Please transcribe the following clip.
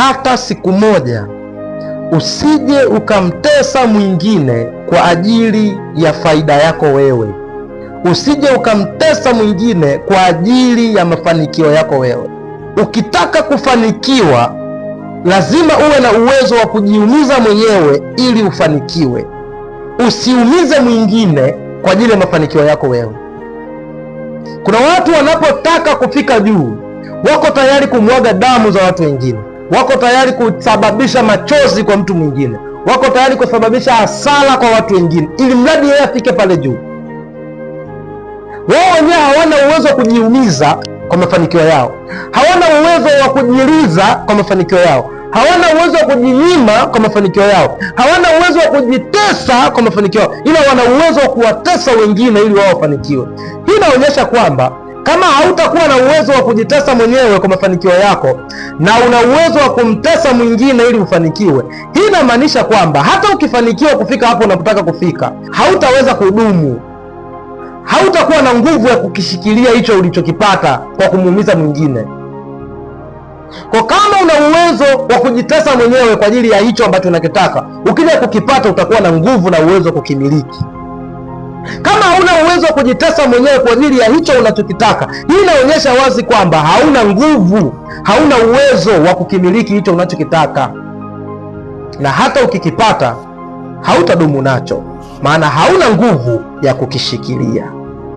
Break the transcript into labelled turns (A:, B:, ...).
A: hata siku moja. Usije ukamtesa mwingine kwa ajili ya faida yako wewe. Usije ukamtesa mwingine kwa ajili ya mafanikio yako wewe. Ukitaka kufanikiwa, lazima uwe na uwezo wa kujiumiza mwenyewe ili ufanikiwe. Usiumize mwingine kwa ajili ya mafanikio yako wewe. Kuna watu wanapotaka kufika juu, wako tayari kumwaga damu za watu wengine wako tayari kusababisha machozi kwa mtu mwingine, wako tayari kusababisha hasara kwa watu wengine, ili mradi yeye afike pale juu. Wao wenyewe hawana uwezo wa kujiumiza kwa mafanikio yao, hawana uwezo wa kujiliza kwa mafanikio yao, hawana uwezo wa kujinyima kwa mafanikio yao, hawana uwezo wa kujitesa kwa mafanikio yao, ila wana uwezo wa kuwatesa wengine ili wao wafanikiwe. Hii inaonyesha kwamba kama hautakuwa na uwezo wa kujitesa mwenyewe kwa mafanikio yako na una uwezo wa kumtesa mwingine ili ufanikiwe, hii inamaanisha kwamba hata ukifanikiwa kufika hapo unapotaka kufika, hautaweza kudumu, hautakuwa na nguvu ya kukishikilia hicho ulichokipata kwa kumuumiza mwingine. Kwa kama una uwezo wa kujitesa mwenyewe kwa ajili ya hicho ambacho unakitaka, ukija kukipata utakuwa na nguvu na uwezo wa kukimiliki. Kama hauna uwezo wa kujitesa mwenyewe kwa ajili ya hicho unachokitaka, hii inaonyesha wazi kwamba hauna nguvu, hauna uwezo wa kukimiliki hicho unachokitaka, na hata ukikipata hautadumu nacho, maana hauna nguvu ya kukishikilia.